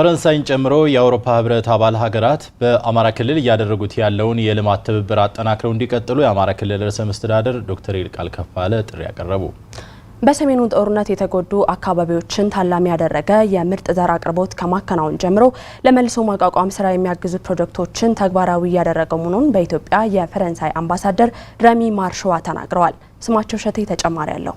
ፈረንሳይን ጨምሮ የአውሮፓ ህብረት አባል ሀገራት በአማራ ክልል እያደረጉት ያለውን የልማት ትብብር አጠናክረው እንዲቀጥሉ የአማራ ክልል ርዕሰ መስተዳደር ዶክተር ይልቃል ከፋለ ጥሪ ያቀረቡ። በሰሜኑ ጦርነት የተጎዱ አካባቢዎችን ታላሚ ያደረገ የምርጥ ዘር አቅርቦት ከማከናወን ጀምሮ ለመልሶ ማቋቋም ስራ የሚያግዙ ፕሮጀክቶችን ተግባራዊ እያደረገ መሆኑን በኢትዮጵያ የፈረንሳይ አምባሳደር ረሚ ማርሸዋ ተናግረዋል። ስማቸው ሸቴ ተጨማሪ አለው።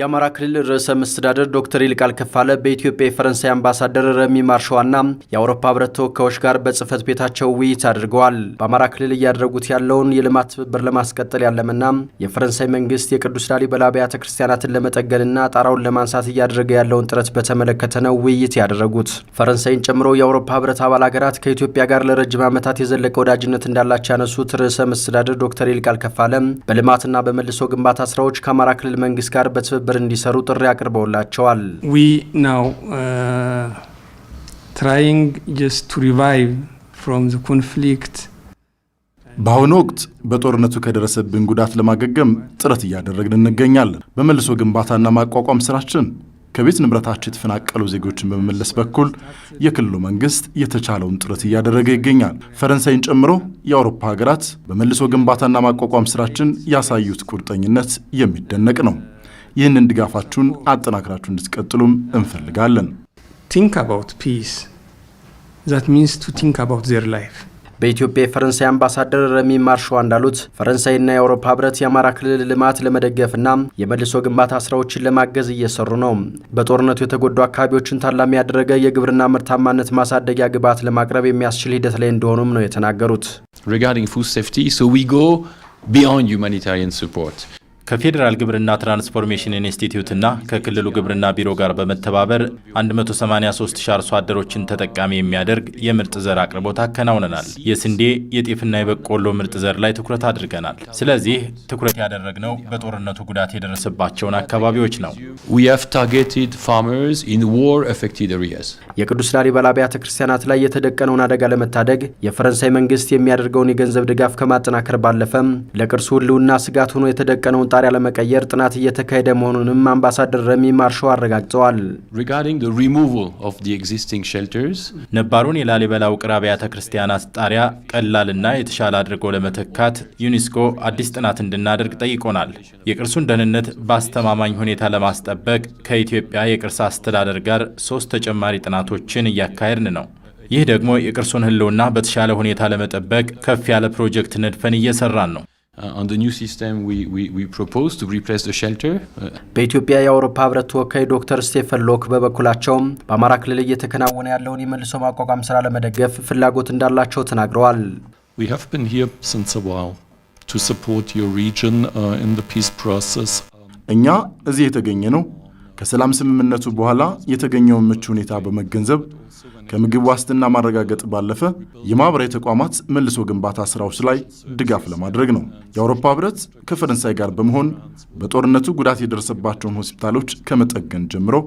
የአማራ ክልል ርዕሰ መስተዳደር ዶክተር ይልቃል ከፋለ በኢትዮጵያ የፈረንሳይ አምባሳደር ረሚ ማርሻዋና የአውሮፓ ህብረት ተወካዮች ጋር በጽህፈት ቤታቸው ውይይት አድርገዋል። በአማራ ክልል እያደረጉት ያለውን የልማት ትብብር ለማስቀጠል ያለምና የፈረንሳይ መንግስት የቅዱስ ላሊበላ አብያተ ክርስቲያናትን ለመጠገንና ጣራውን ለማንሳት እያደረገ ያለውን ጥረት በተመለከተ ነው ውይይት ያደረጉት። ፈረንሳይን ጨምሮ የአውሮፓ ህብረት አባል ሀገራት ከኢትዮጵያ ጋር ለረጅም ዓመታት የዘለቀ ወዳጅነት እንዳላቸው ያነሱት ርዕሰ መስተዳደር ዶክተር ይልቃል ከፋለ በልማትና በመልሶ ግንባታ ስራዎች ከአማራ ክልል መንግስት ጋር በትብብር በትብብር እንዲሰሩ ጥሪ አቅርበውላቸዋል። ዊ ናው ትራይንግ ጀስት ቱ ሪቫይቭ ፍሮም ዘ ኮንፍሊክት በአሁኑ ወቅት በጦርነቱ ከደረሰብን ጉዳት ለማገገም ጥረት እያደረግን እንገኛለን። በመልሶ ግንባታና ማቋቋም ስራችን ከቤት ንብረታቸው የተፈናቀሉ ዜጎችን በመመለስ በኩል የክልሉ መንግስት የተቻለውን ጥረት እያደረገ ይገኛል። ፈረንሳይን ጨምሮ የአውሮፓ ሀገራት በመልሶ ግንባታና ማቋቋም ስራችን ያሳዩት ቁርጠኝነት የሚደነቅ ነው። ይህንን ድጋፋችሁን አጠናክራችሁ እንድትቀጥሉም እንፈልጋለን። ቲንክ አባውት ፒስ ዛት ሚንስ ቱ ቲንክ አባውት ዜር ላይፍ በኢትዮጵያ የፈረንሳይ አምባሳደር ረሚ ማርሻዋ እንዳሉት ፈረንሳይና የአውሮፓ ህብረት የአማራ ክልል ልማት ለመደገፍና የመልሶ ግንባታ ስራዎችን ለማገዝ እየሰሩ ነው። በጦርነቱ የተጎዱ አካባቢዎችን ታላሚ ያደረገ የግብርና ምርታማነት ማሳደጊያ ግብዓት ለማቅረብ የሚያስችል ሂደት ላይ እንደሆኑም ነው የተናገሩት። ከፌዴራል ግብርና ትራንስፎርሜሽን ኢንስቲትዩት ና ከክልሉ ግብርና ቢሮ ጋር በመተባበር 183 ሺህ አርሶ አደሮችን ተጠቃሚ የሚያደርግ የምርጥ ዘር አቅርቦት አከናውነናል። የስንዴ የጤፍና የበቆሎ ምርጥ ዘር ላይ ትኩረት አድርገናል። ስለዚህ ትኩረት ያደረግነው በጦርነቱ ጉዳት የደረሰባቸውን አካባቢዎች ነው። የቅዱስ ላሊበላ አብያተ ክርስቲያናት ላይ የተደቀነውን አደጋ ለመታደግ የፈረንሳይ መንግስት የሚያደርገውን የገንዘብ ድጋፍ ከማጠናከር ባለፈም ለቅርሱ ህልውና ስጋት ሆኖ የተደቀነውን መሳሪያ ለመቀየር ጥናት እየተካሄደ መሆኑንም አምባሳደር ረሚ ማርሾ አረጋግጠዋል። ነባሩን የላሊበላ ውቅር አብያተ ክርስቲያናት ጣሪያ ቀላልና የተሻለ አድርጎ ለመተካት ዩኒስኮ አዲስ ጥናት እንድናደርግ ጠይቆናል። የቅርሱን ደህንነት በአስተማማኝ ሁኔታ ለማስጠበቅ ከኢትዮጵያ የቅርስ አስተዳደር ጋር ሶስት ተጨማሪ ጥናቶችን እያካሄድን ነው። ይህ ደግሞ የቅርሱን ህልውና በተሻለ ሁኔታ ለመጠበቅ ከፍ ያለ ፕሮጀክት ነድፈን እየሰራን ነው። Uh, uh, በኢትዮጵያ የአውሮፓ ህብረት ተወካይ ዶክተር ስቴፈን ሎክ በበኩላቸውም በአማራ ክልል እየተከናወነ ያለውን የመልሶ ማቋቋም ስራ ለመደገፍ ፍላጎት እንዳላቸው ተናግረዋል። uh, እኛ እዚህ የተገኘ ነው ከሰላም ስምምነቱ በኋላ የተገኘውን ምቹ ሁኔታ በመገንዘብ ከምግብ ዋስትና ማረጋገጥ ባለፈ የማኅበራዊ ተቋማት መልሶ ግንባታ ሥራዎች ላይ ድጋፍ ለማድረግ ነው። የአውሮፓ ኅብረት ከፈረንሳይ ጋር በመሆን በጦርነቱ ጉዳት የደረሰባቸውን ሆስፒታሎች ከመጠገን ጀምሮ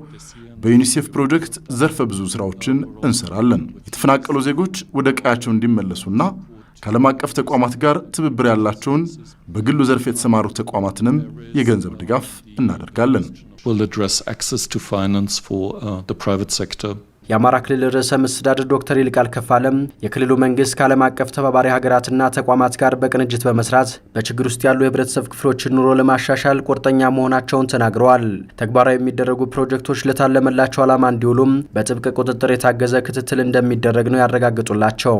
በዩኒሴፍ ፕሮጀክት ዘርፈ ብዙ ሥራዎችን እንሰራለን። የተፈናቀሉ ዜጎች ወደ ቀያቸው እንዲመለሱና ከዓለም አቀፍ ተቋማት ጋር ትብብር ያላቸውን በግሉ ዘርፍ የተሰማሩ ተቋማትንም የገንዘብ ድጋፍ እናደርጋለን። will address access to finance for uh, the private sector. የአማራ ክልል ርዕሰ መስተዳድር ዶክተር ይልቃል ከፋለም የክልሉ መንግስት ከዓለም አቀፍ ተባባሪ ሀገራትና ተቋማት ጋር በቅንጅት በመስራት በችግር ውስጥ ያሉ የህብረተሰብ ክፍሎችን ኑሮ ለማሻሻል ቁርጠኛ መሆናቸውን ተናግረዋል። ተግባራዊ የሚደረጉ ፕሮጀክቶች ለታለመላቸው ዓላማ እንዲውሉም በጥብቅ ቁጥጥር የታገዘ ክትትል እንደሚደረግ ነው ያረጋግጡላቸው።